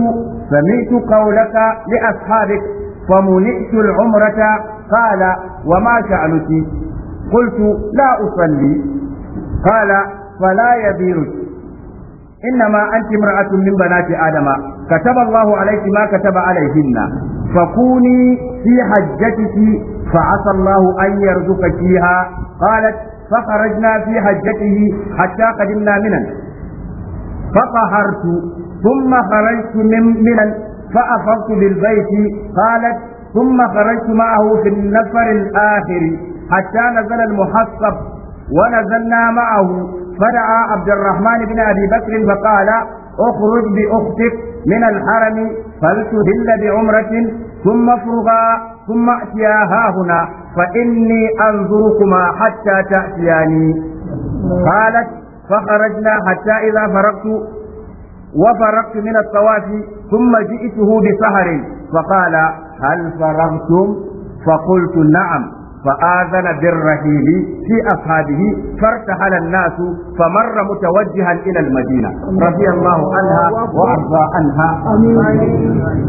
سمعت قولك لأصحابك فمنعت العمرة قال وما شأنك قلت لا أصلي قال فلا يبيرك إنما أنت امرأة من بنات آدم كتب الله عليك ما كتب عليهن فكوني في حجتك فعسى الله أن يرزقك فيها قالت فخرجنا في حجته حتى قدمنا منا فطهرت ثم خرجت من منا فأفضت بالبيت قالت ثم خرجت معه في النفر الآخر حتى نزل المحصب ونزلنا معه فدعا عبد الرحمن بن أبي بكر فقال اخرج بأختك من الحرم فلتهل بعمرة ثم افرغا ثم أتيا ها هنا فإني أنظركما حتى تأتياني قالت فخرجنا حتى إذا فرغت وفرغت من الطواف ثم جئته بسهر فقال هل فرغتم فقلت نعم فآذن بالرحيل في أصحابه فارتحل الناس فمر متوجها إلى المدينة رضي الله عنها وأرضى عنها أمين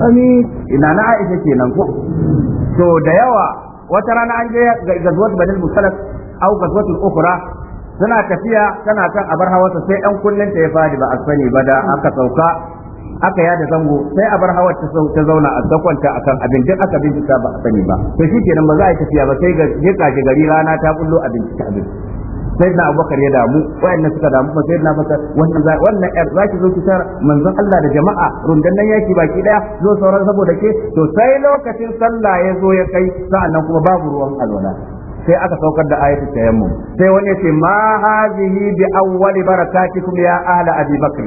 آمين إن أنا عائشة كينا تو ديوا وترانا عندي غزوة بني المسلك أو غزوة أخرى suna tafiya سنة kan abar hawarsa sai ɗan kunnen ta ya fadi ba a aka yada zango sai a bar hawar ta zauna a zakwanta akan abin duk aka bincika ba a sani ba to nan ba za a tafiya ba sai ga ga gari rana ta bullo a bincika abin na abubakar ya damu wayanna suka damu fa na bakar wannan wannan yar zaki zo ki tara manzon Allah da jama'a rundan nan yaki baki daya zo sauran saboda ke to sai lokacin sallah ya zo ya kai sa'annan kuma babu ruwan alwala sai aka saukar da ayatul tayammum sai wani ce ma hazihi bi awwali barakatikum ya ala abi bakr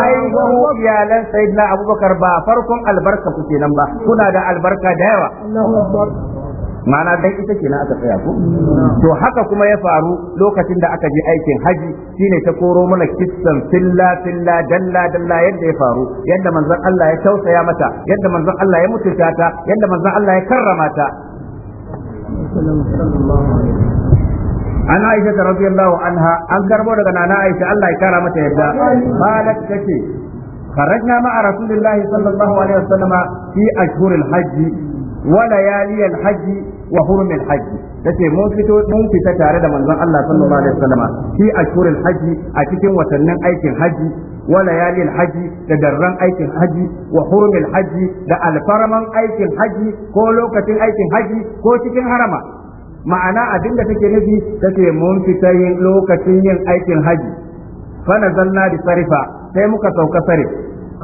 ai ku iyalan sayyidina abubakar ba farkon albarka ku kenan ba kuna da albarka da yawa ma'ana dan ita kenan aka tsaya ko to haka kuma ya faru lokacin da aka je aikin haji shine ta koro mana kissan filla filla dalla dalla yadda ya faru yadda manzon Allah ya tausaya mata yadda manzon Allah ya mutunta ta yadda manzon Allah ya karrama ta an aisha ta radiyallahu anha an karbo daga nana aisha Allah ya kara mata yadda qalat tace kharajna ma'a rasulillahi sallallahu alaihi wasallama fi ashhuril hajji wa layali al hajji. wa hurumil hajji tace mun fito mun fita tare da manzon Allah sallallahu alaihi wasallam fi ashhuril haji a cikin watannin aikin hajji wa layalil haji, da darran aikin hajji wa hurumil haji, da alfarman aikin hajji ko lokacin aikin hajji ko cikin harama ma'ana abin da take nufi tace mun fita yin lokacin yin aikin hajji fa nazalna bi sarifa sai muka sauka sarif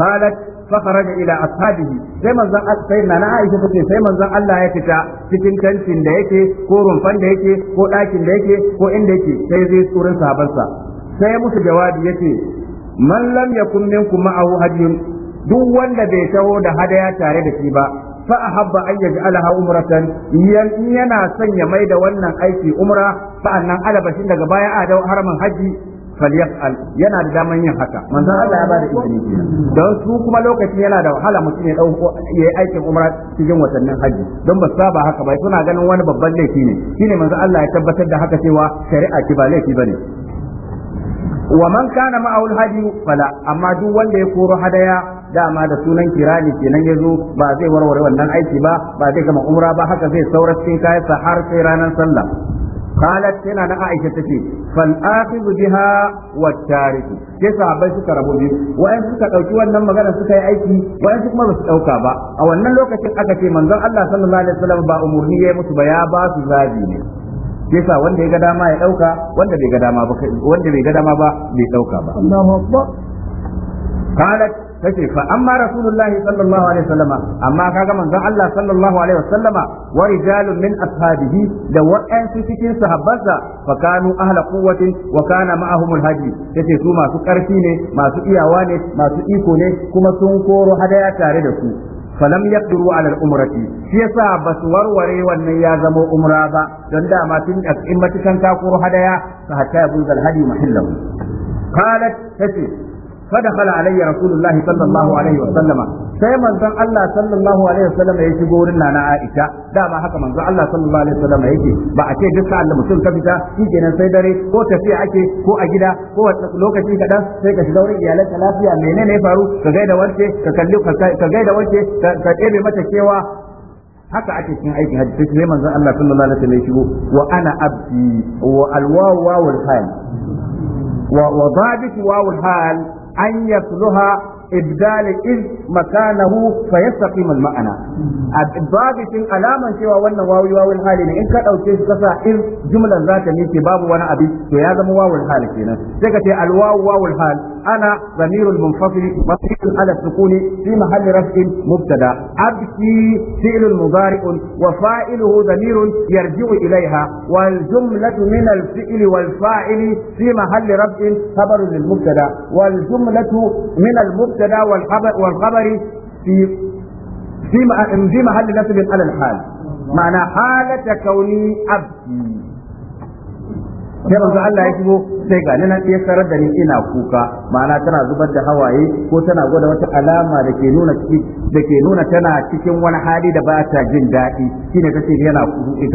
qalat فخرج الى اصحابه sai manzon sai na Aisha take sai manzon Allah ya fita cikin tantin da yake ko rumfan da yake ko dakin da yake ko inda yake sai zai tsurin sahabansa sai musu jawabi yace man lam yakun minkum ma'ahu hadiyun duk wanda bai taho da hadaya tare da shi ba fa ahabba an yaj'alaha umratan yana son ya da wannan aiki umra sa'annan alabashin daga baya a dau haramin hajji. falyaf'al yana da daman yin haka manzon Allah ya ba da izini kenan don su kuma lokaci yana da wahala mutum ya dauko ya aikin umra cikin watannin haji don ba saba haka ba suna ganin wani babban laifi ne shine manzon Allah ya tabbatar da haka cewa shari'a ki ba laifi bane wa man kana ma'ahu al-hadi fala amma duk wanda ya koro hadaya dama da sunan kirani kenan ya zo ba zai warware wannan aiki ba ba zai gama umra ba haka zai saura cikin sa har sai ranar sallah qalat tana na Aisha tace fal akhidhu biha wa tariku sai sahabbai suka rabu biyu wa'an suka dauki wannan magana suka yi aiki wa'an kuma ba su dauka ba a wannan lokacin aka ce manzon Allah sallallahu alaihi wasallam ba umurni yayi musu ba ya ba su zabi ne yasa wanda ya ga dama ya dauka wanda bai ga dama ba wanda bai ga dama ba bai dauka ba Allahu akbar tace fa amma rasulullahi sallallahu alaihi wasallama amma kaga manzon Allah sallallahu alaihi wasallama wa rijalun min ashabihi da wa'ansu cikin sahabbansa fa kanu ahla quwwatin wa kana ma'ahum alhaji tace su masu karfi ne masu iyawa ne masu iko ne kuma sun koro hadaya tare da su falam yaqdiru ala al-umrati shi yasa basu warware wannan ya zama umra ba don da tun in matukan takuru hadaya fa hatta yabul hadi mahallahu qalat tace فدخل علي رسول الله صلى الله عليه وسلم sai manzon Allah sallallahu alaihi wasallam ya shigo wurin nana Aisha dama haka manzon Allah sallallahu alaihi wasallam yake ba a ce duk sa'an da mutum ka fita shikenan sai dare ko tafiya ake ko a gida ko lokaci kadan sai ka shiga wurin iyalanka lafiya menene ya faru ka gaida wance ka kalli ka gaida wance ka ɗebe mata kewa haka ake cikin aikin hajji sai sai manzon Allah sallallahu alaihi wasallam ya shigo wa ana abdi wa alwawu wal hal wa wadabit wawul hal an yasluha إبدال إذ مكانه فيستقيم المعنى باب alaman cewa wannan wawi wawul hali ne in ka ɗauke shi kasa in jumlar za ta miƙe babu wani abi to ya zama wawul hali kenan sai ka ce al wawu wawul hal ana zamirul munfasil masirul ala sukuni fi mahalli raf'in mubtada abki fi'lun mudari'un wa fa'iluhu zamirun yarji'u ilaiha wal jumlatu min al fa'ili fi wal jumlatu المبتدا والخبر والخبر في في محل نصب على الحال معنى حالة كوني أبكي sai manzo Allah ya shigo sai ga nan ya sarar da ni ina kuka ma'ana tana zubar da hawaye ko tana gwada wata alama da ke nuna ciki da ke nuna tana cikin wani hali da ba ta jin daɗi shine kace yana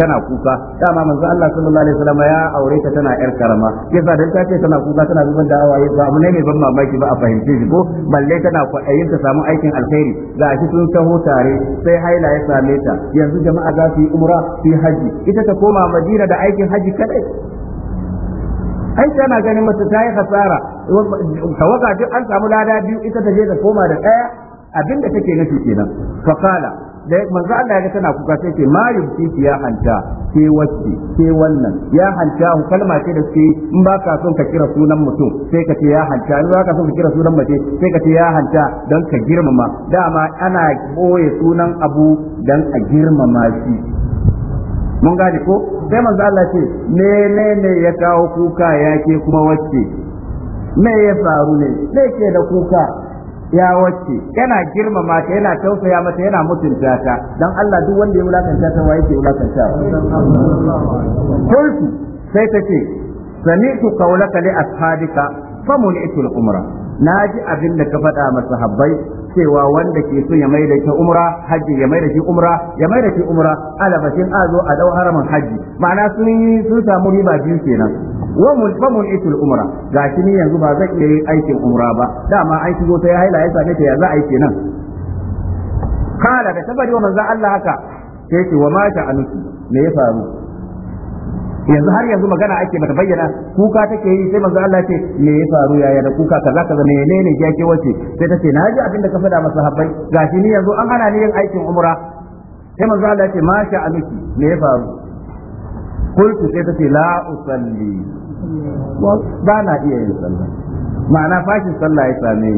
tana kuka dama manzo Allah sallallahu alaihi wasallam ya aure ta tana yar karama yasa dan tace tana kuka tana zubar da hawaye ba mu ne mai ban mamaki ba a fahimce shi ko balle tana kwaɗayin ta samu aikin alkhairi ga shi sun taho tare sai haila ya same ta yanzu jama'a za su yi umra su yi haji ita ta koma Madina da aikin haji kadai ai tana ganin mace ta yi hasara waka duk an samu lada biyu ita ta je ta koma da ɗaya abinda take nufi kenan fa kala da manzo Allah ya tana kuka sai ce ma ya hanta ke wacce ke wannan ya hanta ku kalma ce da ke in ba ka son ka kira sunan mutum sai ka ce ya hanta in ba ka son ka kira sunan mace sai ka ce ya hanta don ka girmama dama ana boye sunan abu dan a girmama shi mun gane ko sai manzo Allah ce menene ya kawo kuka ya kuma wacce me ya faru ne me ke da kuka ya wacce yana girmama ta yana tausaya mata yana mutunta ta dan Allah duk wanda ya wulakanta ta wa yake wulakanta sai ta ce tu kaulaka li ashabika famun umra فمنعت abin da ka لك masa habbai cewa wanda ke so ya mai da shi umra haji ya mai da shi umra ya mai da shi umra bashin azo a dau haramin haji ma'ana sun sun samu riba biyu kenan wa mun itul umra gashi ni yanzu ba zan iya yin aikin umra ba dama an shigo ta ya haila ya same ta ya za a yi kala da tabari wa manzo Allah haka sai ce wa ma sha'anuki me ya faru yanzu har yanzu magana ake bata bayyana kuka take yi sai manzo Allah ce me ya faru yaya da kuka kaza kaza menene ya ke wace sai ta ce na ji abin da ka faɗa masa habbai gashi ni yanzu an hana ni yin aikin umra sai manzo Allah ce masha sha me ya faru kultu sai ta ce la usalli ba na iya yin sallah ma'ana fashin sallah ya same ni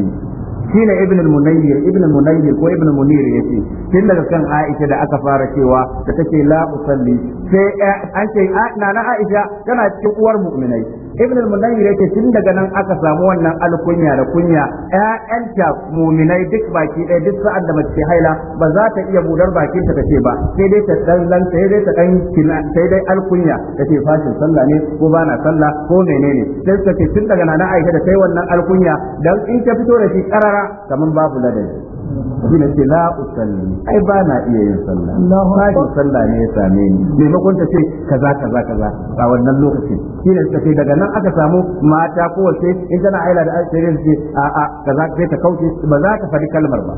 shine ibn al-munayyir ibn al-munayyir ko ibn munir yace tun daga kan Aisha da aka fara cewa da take la usalli sai eh, an ce ah, na na Aisha tana cikin uwar mu'minai ibn al-mudayyir yake tun daga nan aka samu wannan alkunya da kunya ƴaƴan ta muminai duk baki ɗaya duk sa'ad da mace haila ba za ta iya budar bakin ta kace ba sai dai ta dan lan sai dai ta dan kina sai dai alkunya tace fashin sallah ne ko bana sallah ko menene sai ta ce tun daga nan Aisha da kai wannan alkunya dan in ta fito da shi karara kaman babu ladabi shi ne ce la usalli ai ba na iya yin sallah tashin sallah ne ya same ni maimakon ta ce kaza kaza kaza a wannan lokacin shi ne suka ce daga nan aka samu mata kowace in tana aila da asirin ce a a kaza sai ta kauce ba za ka faɗi kalmar ba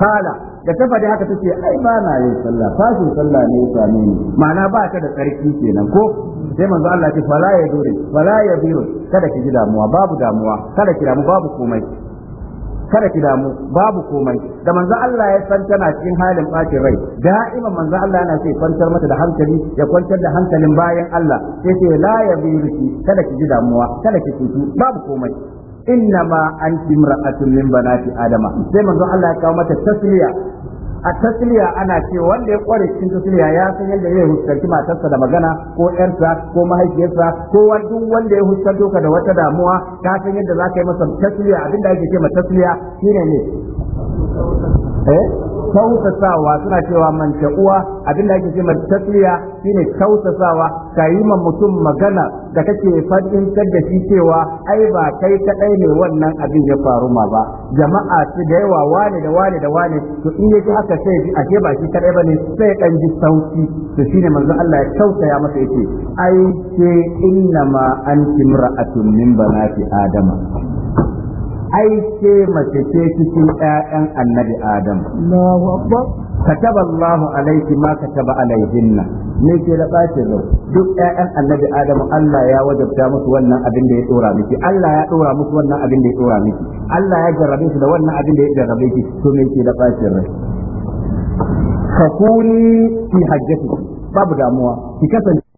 kala da ta faɗi haka tace ai ba na yin sallah fashin sallah ne ya same ni ma'ana ba ta da tsarki kenan ko sai manzo Allah ce fala ya dore fala ya biro kada ki ji damuwa babu damuwa kada ki damu babu komai kada ki damu babu komai da manzo Allah ya san tana cikin halin bace rai da'iman manzo Allah yana sai kwantar mata da hankali ya kwantar da hankalin bayan Allah sai ya la yabiriki kada ki ji damuwa kada ki tutu babu komai innama anti imra'atun min banati adama sai manzo Allah ya kawo mata tasliya a tasliya ana ce wanda ya kware cikin tasliya ya san yadda zai huskanci matarsa da magana ko yarsa ko mahaifiyarsa ko duk wanda ya huskanto ka da wata damuwa ka san yadda za ka yi masa tasliya abinda ake ce ma tasliya shine ne eh tausasawa suna cewa manta uwa abinda ake cewa tasliya shine ka yi ma mutum magana da kake fadin da shi cewa ai ba kai kadai ne wannan abin ya faru ma ba jama'a su da yawa wane da wane da wane to in yaji haka sai ji ashe ba shi ba ne sai dan ji sauki to shine manzon Allah ya tausaya masa yace ai ce inna ma anti imra'atun min banati adama aike mace ce cikin ƴaƴan annabi adam Allahu Ka kataba Allahu alaiki ma kataba alaihinna me ke da bace zo duk ƴaƴan annabi adam Allah ya wajabta musu wannan abin da ya dora miki Allah ya dora musu wannan abin da ya dora miki Allah ya jarrabe su da wannan abin da ya jarrabe ki to me ke da bace rai ka kuni fi hajjati babu damuwa ki kasance